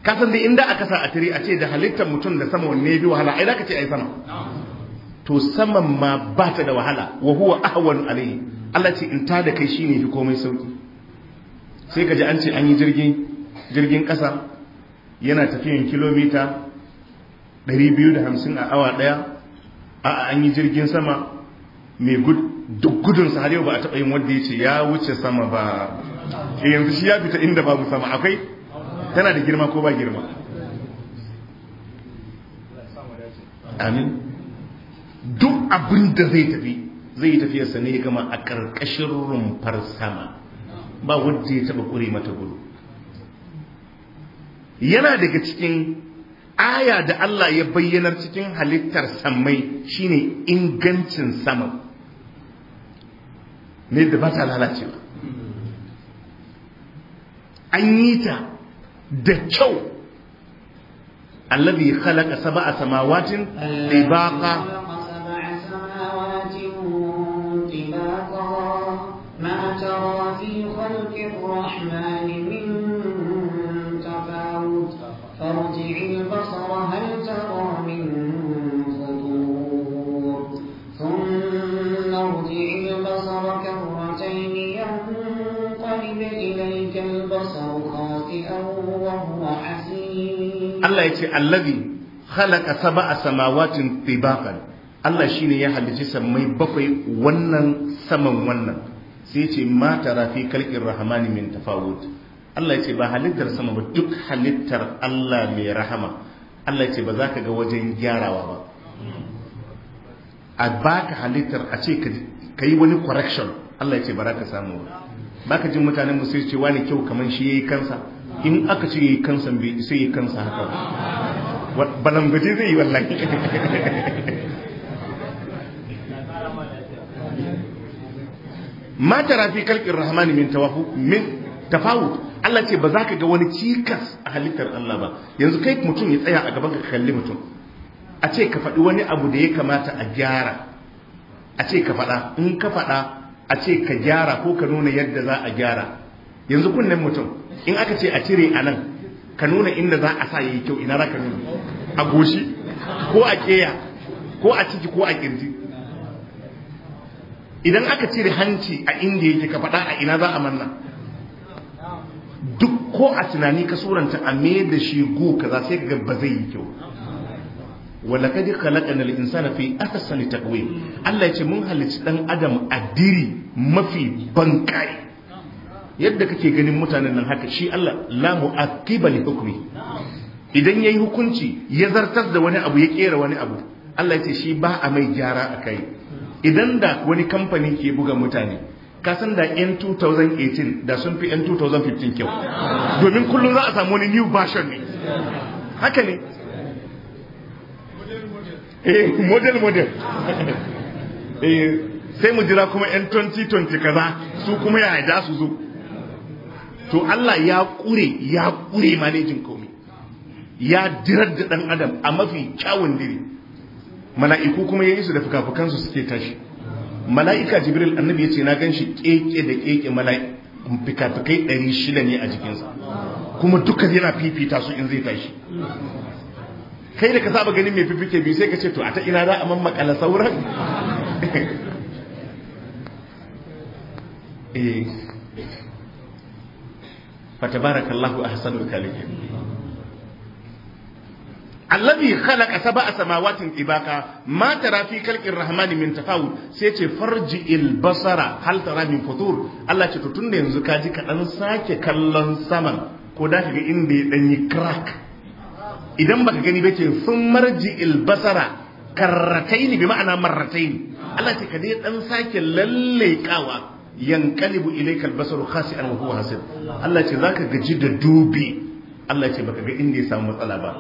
ka san dai inda aka sa a tiri a ce da halittar mutum da sama wanne bi wahala ai zaka ce ai sama to saman ma ba ta da wahala wa huwa ahwan alayhi Allah ce in tada kai shine fi komai sauki sai ka an ce an yi jirgin jirgin kasa yana tafiyan kilomita 250 a awa daya a an yi jirgin sama mai duk sa, har yau ba a taɓa yin wanda ya ce ya wuce sama ba eh, yanzu shi ya fita inda babu sama akwai tana da girma ko ba girma amin duk abin da zai tafi zai yi tafiyarsa ne gama a ƙarƙashin rumfar sama ba wadda ya taɓa ƙure mata gudu yana daga cikin aya da Allah ya bayyanar cikin halittar sammai shine ingancin sama ne da ba ta lalacewa an yi ta da kyau allabi khalaqa sab'a samawatin eh. tibaqa Allah ya ce allazi khalaqa sab'a samawatin tibaqan Allah shine ya halici samai bakwai wannan saman wannan sai ya ce ma tara fi khalqir rahmani min tafawut Allah ya ce ba halittar sama ba duk halittar Allah mai rahama Allah ya ce ba za ka ga wajen gyarawa ba a baka halittar a ce ka yi wani correction Allah ya ce ba za ka samu ba Ba ka jin mutanen mu sai ce wani kyau kaman shi ya yi kansa in aka ce yi kansa bai sai yi kansa haka balangwaje zai yi wallahi ma tara fi kalkin rahmani min tawafu min tafawu Allah ce ba za ka ga wani cikas a halittar Allah ba yanzu kai mutum ya tsaya a gaban ka kalli mutum a ce ka faɗi wani abu da ya kamata a gyara a ce ka faɗa in ka faɗa a ce ka gyara ko ka nuna yadda za a gyara yanzu kunnen mutum in aka ce a cire a nan ka nuna inda za a sa yi kyau ina za ka nuna a goshi ko a keya ko a ciki ko a kirji idan aka cire hanci a inda yake ka faɗa a ina za a manna duk ko a tunani ka suranta a me da shi go za sai ga ba zai yi kyau wala kadi khalaqana al-insana fi ahsani taqwim Allah yace mun halicci dan adam a diri mafi bankai yadda kake ganin mutanen nan haka shi Allah la mu'aqqiba li hukmi idan yayi hukunci ya zartar da wani abu ya kera wani abu Allah yace shi ba a mai gyara akai idan da wani kamfani ke buga mutane ka san da yan 2018 da sun fi yan 2015 kyau domin kullum za a samu wani new version ne haka ne eh model model eh sai mu jira kuma yan 2020 kaza su kuma ya da su zo to Allah ya ƙure ya kure manejin komai ya dirar da ɗan adam a mafi kyawun dare mala'iku kuma ya yi su da fukafukansu suke tashi mala'ika jibril annabi ya ce na gan shi keke da keke mala'iku fikafikai ɗari shida ne a jikinsa kuma duka yana fifita su in zai tashi kai da ka saba ganin mai fifike biyu sai ka ce to a ta ina za a mammakala sauran <laughs> eh. fatabarakallahu ahsanul khaliqin alladhi khalaqa sab'a samawatin tibaqa ma tara fi khalqir rahmani min tafawut sai ce farji'il basara hal tara min futur Allah ce to tunda yanzu ka ji kaɗan sake kallon saman ko da kaga inda ya ɗan yi crack idan baka gani ba ce sun marji'il basara kan karrataini bi ma'ana marrataini Allah ce ka dai ɗan sake lallekawa yanqalibu ilayka al-basaru khasi'an wa huwa hasib Allah ce zaka gaji da dubi Allah ce baka ga inda ya samu matsala ba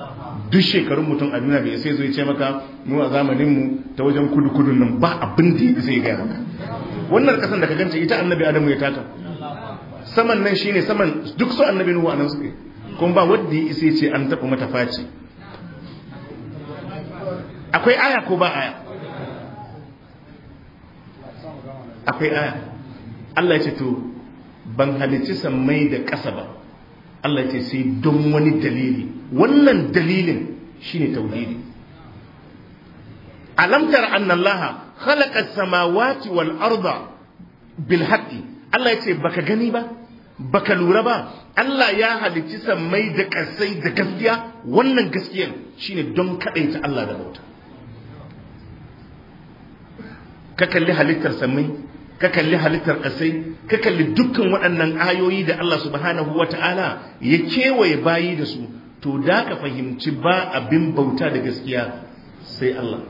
duk shekarun mutum a duniya bai sai zo ya ce maka mu a zamanin mu ta wajen kudu kudu nan ba abin da yake sai ga gaya maka wannan kasan da ka ganta ita annabi adamu ya taka saman nan shine saman duk su annabi nuhu anan suke kun ba wanda ya isa ce an taɓa mata faci akwai aya ko ba aya akwai aya Allah ce to ban halicci sammai da ƙasa ba Allah ce sai don wani dalili wannan dalilin shine tauhidi alamtar annallaha khalaqa samawati wal arda bil haqqi Allah ya ce baka gani ba baka lura ba Allah ya halicci sammai da ƙasai da gaskiya wannan gaskiyar shine don kaɗaita Allah da bauta ka kalli halittar sammai ka kalli halittar ƙasai ka kalli dukkan waɗannan ayoyi da Allah subhanahu ta'ala ya kewaye bayi da su to da ka fahimci ba abin bauta da gaskiya sai Allah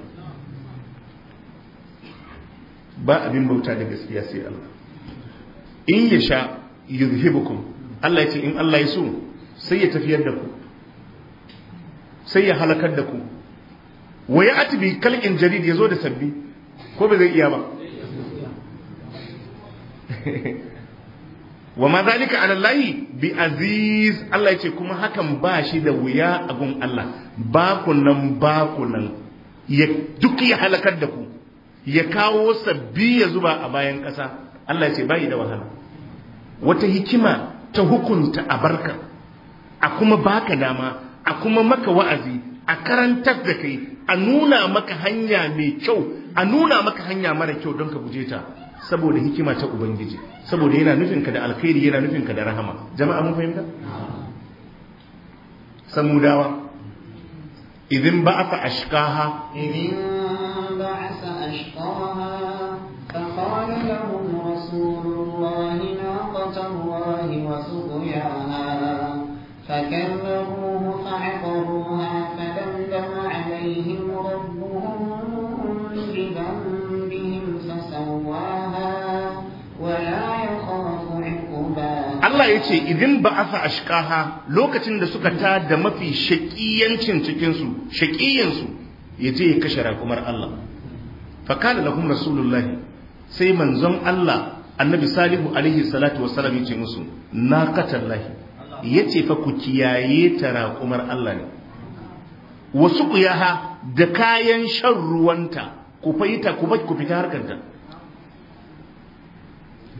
ba abin bauta da gaskiya sai Allah in ya sha yuzhibukum Allah ya ce in Allah ya so sai ya tafiyar da ku sai ya halakar da ku wa ya atibi kalkin jarid ya zo da sabbi ko ba zai iya ba <laughs> wa ma zalika ala Allah bi aziz Allah yace kuma hakan ba shi da wuya a gun Allah ba ku nan ba ku nan ya duk ya halakar da ku ya kawo sabbi ya zuba a bayan ƙasa Allah yace bai da wahala wata hikima ta hukunta a barka a kuma baka dama a kuma maka wa'azi a karantar da kai a nuna maka hanya mai kyau a nuna maka hanya mara kyau don ka guje ta saboda hikima ta ubangiji saboda yana nufin ka da alkhairi yana nufin ka da rahama jama'a mun fahimta samudawa idin ba aka ashqaha idin ba ba'atha ashqaha فقال لهم رسول الله ناقة الله وسقياها فكذبوا Allah ya ce idin ba fa ashkaha lokacin da suka ta da mafi shaƙiyancin cikinsu shaƙiyansu ya je ya kashe rakumar Allah Fa kana lahum rasulullahi sai manzon Allah annabi salihu alaihi salatu wassalam ya ce musu naqatallahi ce fa ku kiyaye ta rakumar Allah ne wasu kuyaha da kayan shan ruwanta ku faita ku ku fita harkar ta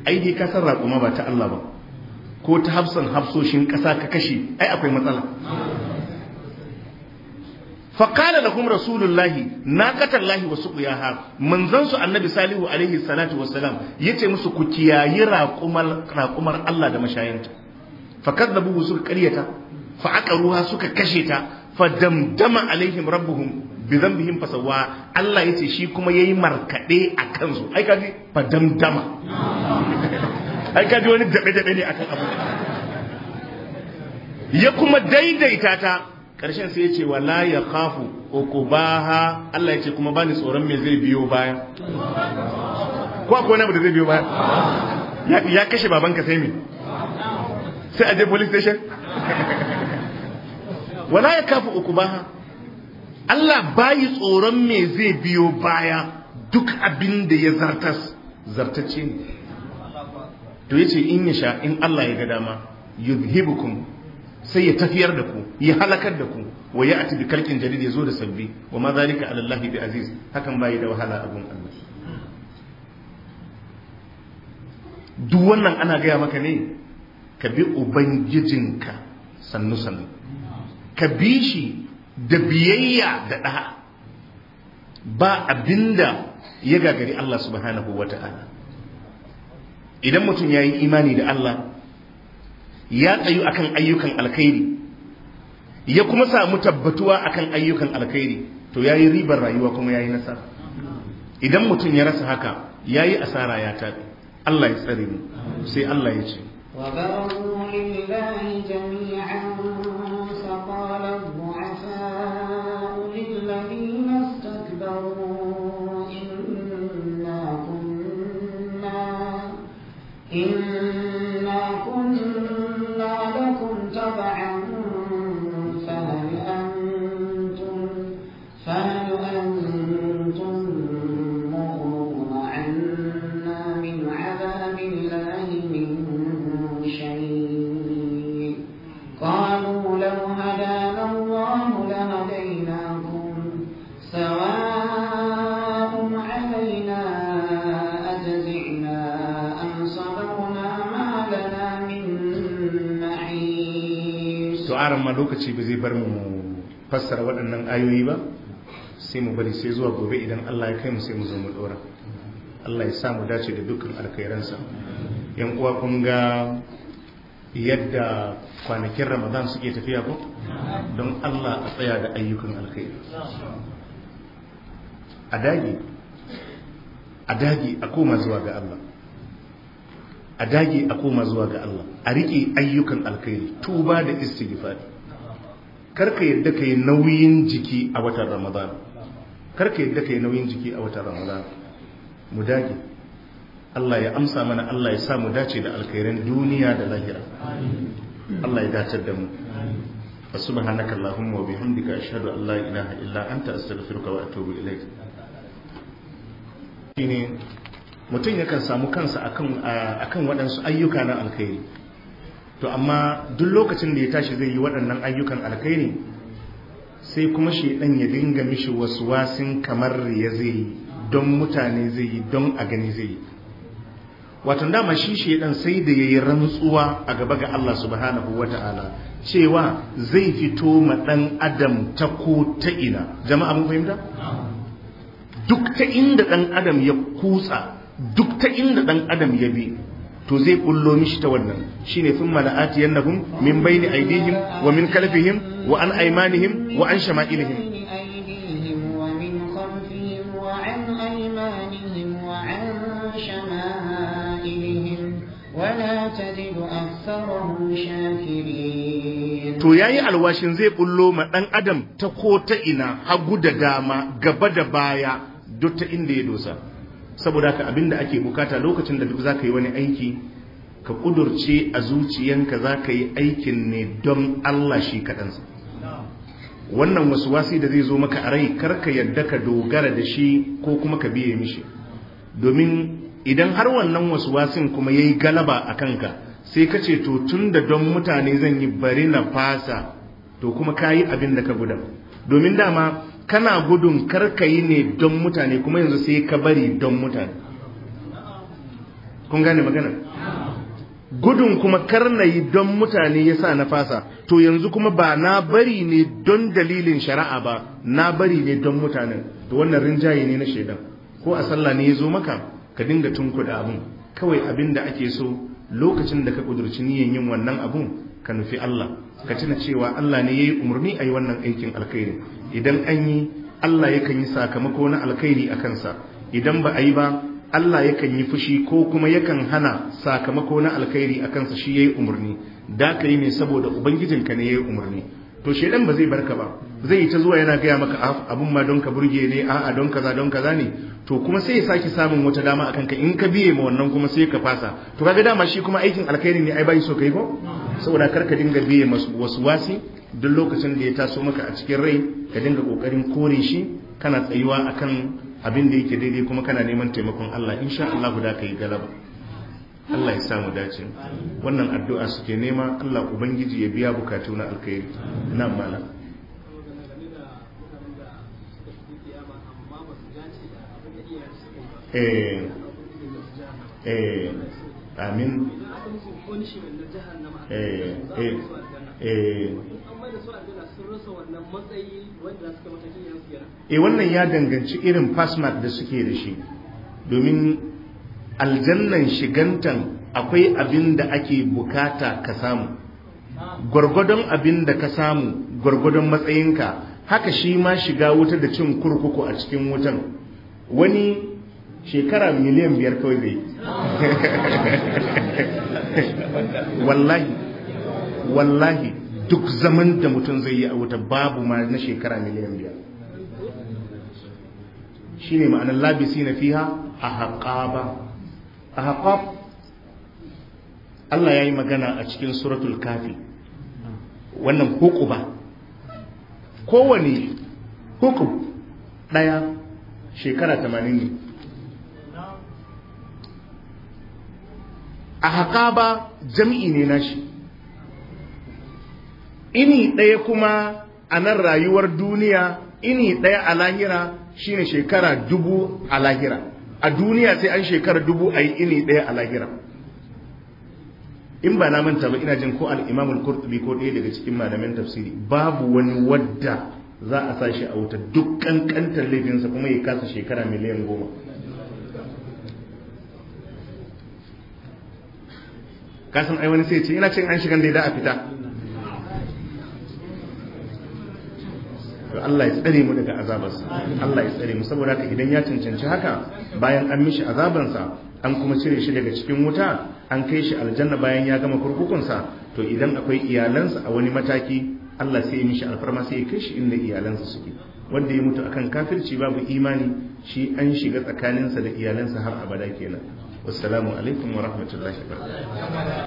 ai dai ka san raƙuma ba ta Allah ba ko ta hafsan hafsoshin ƙasa ka kashe ai akwai matsala faƙala da kuma rasulullahi na katallahi wasu ƙuyaha manzansu annabi salihu alaihi salatu wassalam ya ce musu ku kiyayi raƙumar Allah da mashayanta fakar da buhu suka ƙaryata ruwa suka kashe ta fa damdama alaihim rabbuhum bi zambihim fasawa Allah ya ce shi kuma yayi markaɗe a kansu ai kaji fadamdama ai kaji wani dabe dabe ne akan abu ya kuma daidaita ta karshen sai ya ce wala ya khafu ukubaha Allah ya ce kuma bani tsoron me zai biyo baya ko akwai wani abu da zai biyo baya ya kashe babanka sai me sai a je police station <laughs> wala ya khafu ukubaha Allah bayi tsoron me zai biyo baya duk abin da ya zartas zartace ne to yace in ya sha in Allah ya ga dama yuzhibukum sai ya tafiyar da ku ya halakar da ku wa ya ati bi kalkin jarid ya zo da sabbi wa ma zalika ala Allah bi aziz hakan bai da wahala abun Allah duk wannan ana gaya maka ne ka bi ubangijinka sannu sannu ka bi shi da biyayya da ɗaha, ba abinda ya gagari Allah subhanahu wa idan mutum ya yi imani da Allah ya tsayu akan ayyukan alkhairi ya kuma samu tabbatuwa akan ayyukan alkhairi to ya yi ribar rayuwa kuma ya yi nasara idan mutum ya rasa haka ya yi asara ya tafi, Allah ya tsare mu sai Allah ya ce wa lokaci ba zai bar mu fassara waɗannan ayoyi ba sai mu bari sai zuwa gobe idan Allah ya kai mu sai mu zo mu dora Allah ya sa mu dace da dukkan alkhairansa yan uwa kun ga yadda kwanakin Ramadan suke tafiya ko don Allah a tsaya da ayyukan alkhairi a dage a koma zuwa ga Allah a dage a koma zuwa ga Allah a riƙe ayyukan alkhairi tuba da istighfar karka yadda ka yi nauyin jiki a watan ramadan karka yadda ka yi nauyin jiki a watan ramadan mu dage Allah ya amsa mana Allah ya sa mu dace da alkhairan duniya da lahira Allah ya dace da mu wa subhanaka allahumma wa bihamdika ashhadu an la ilaha illa anta astaghfiruka wa atubu ilaik shine mutum yakan samu kansa akan akan waɗansu ayyuka na alkhairi to amma duk lokacin da ya tashi zai yi waɗannan ayyukan alkaini sai kuma shi ɗan ya dinga mishi wasu wasin kamar ya zai yi don mutane zai yi don a gani zai yi wato dama shi shi ɗan sai da ya yi rantsuwa a gaba ga Allah subhanahu wa ta'ala cewa zai fito ma ɗan adam ta ko ta jama'a mun fahimta duk ta inda ɗan adam ya kutsa duk ta inda ɗan adam ya bi to zai bullo mishi ta wannan shine sun mala'ati yannahum min baini aidihim wa min kalbihim wa an aymanihim wa an shama'ilihim to yayi alwashin zai bullo ma dan adam ta ko ta ina hagu da dama gaba da baya duk ta inda ya dosa saboda ka abin da ake bukata lokacin da duk zakayi yi wani aiki ka kudurce a zuciyanka zaka yi aikin ne don Allah shi kaɗansa wannan wasu wasi da zai zo maka a rai karka yadda ka dogara da shi ko kuma ka biye mishi domin idan har wannan wasu wasin kuma ya yi galaba a kanka sai ka ce to tun da don mutane zan yi bari na fasa to kuma ka yi abin da ka gudan domin dama kana gudun karkayi ne don mutane kuma yanzu sai ka bari don mutane kun gane magana gudun kuma karnayi don mutane ya sa na fasa to yanzu kuma ba na bari ne don dalilin shari'a ba na bari ne don mutane, da wannan rinjaye ne na shaidan ko a sallah ne ya zo maka ka dinga tun tunkuɗa abin kawai abin da ake so lokacin da ka ƙudurci niyan yin wannan abun ka nufi Allah ka tuna cewa Allah ne ya yi umarni a yi wannan aikin alkhairi idan an yi Allah yakan yi sakamako na alkhairi a kansa idan ba a yi ba Allah yakan yi fushi ko kuma yakan hana sakamako na alkhairi a kansa shi yayi umarni da ka yi ne saboda ubangijinka ne yayi umarni to shedan ba zai barka ba zai yi ta zuwa yana gaya maka ah, abun ma don ka burge ne a'a don kaza don kaza ne to kuma sai ya saki samun wata dama akan ka in ka biye ma wannan kuma sai ka fasa to kaga dama shi kuma aikin alkhairi ne ai bai so kai ko saboda kar ka dinga biye masu wasu wasi duk lokacin da ya taso maka a cikin rai ka dinga kokarin kore shi kana tsayuwa akan abin da yake daidai kuma kana neman taimakon Allah insha Allah guda ka galaba Allah ya samu dace wannan addu'a suke nema Allah ubangiji ya biya bukatu na alkhairi nan mala eh, eh eh amin eh eh, eh. E wannan eh wannan ya danganci irin Fasmat da suke da shi domin aljannan shigantan akwai abin da ake bukata ka samu gwargwadon abin da ka samu gwargwadon matsayinka haka shi ma shiga wuta da cin kurkuku a cikin wutan wani shekara miliyan biyar kawai bai <laughs> wallahi wallahi duk zaman da mutum zai yi a wuta babu ma na shekara miliyan biyar shi ne ma'anar labisi na fiha a haƙaba a haƙab Allah ya yi magana a cikin suratul kafi wannan hukuba kowane hukum ɗaya shekara tamanin ne a haƙaba jam'i ne nashi ini ɗaya kuma a nan rayuwar duniya ini ɗaya a lahira shine shekara dubu a lahira a duniya sai an shekara dubu a yi ini ɗaya a lahira in ba na manta ba ina jin ko al'imamul kurtubi ko ɗaya daga cikin malamin tafsiri babu wani wadda za a sa shi a wuta duk ƙanƙantar laifinsa kuma ya kasa shekara miliyan goma kasan ai wani sai ce ina cin an shigan da a fita to Allah ya tsare mu daga azabarsa Allah ya tsare mu saboda haka idan ya cancanci haka bayan an mishi azabansa an kuma cire shi daga cikin wuta an kai shi aljanna bayan ya gama kurkukunsa to idan akwai iyalansa a wani mataki Allah sai ya mishi alfarma sai ya kai shi inda iyalansa suke wanda ya mutu akan kafirci babu imani shi an shiga tsakaninsa da iyalansa har abada kenan wassalamu alaikum wa rahmatullahi wa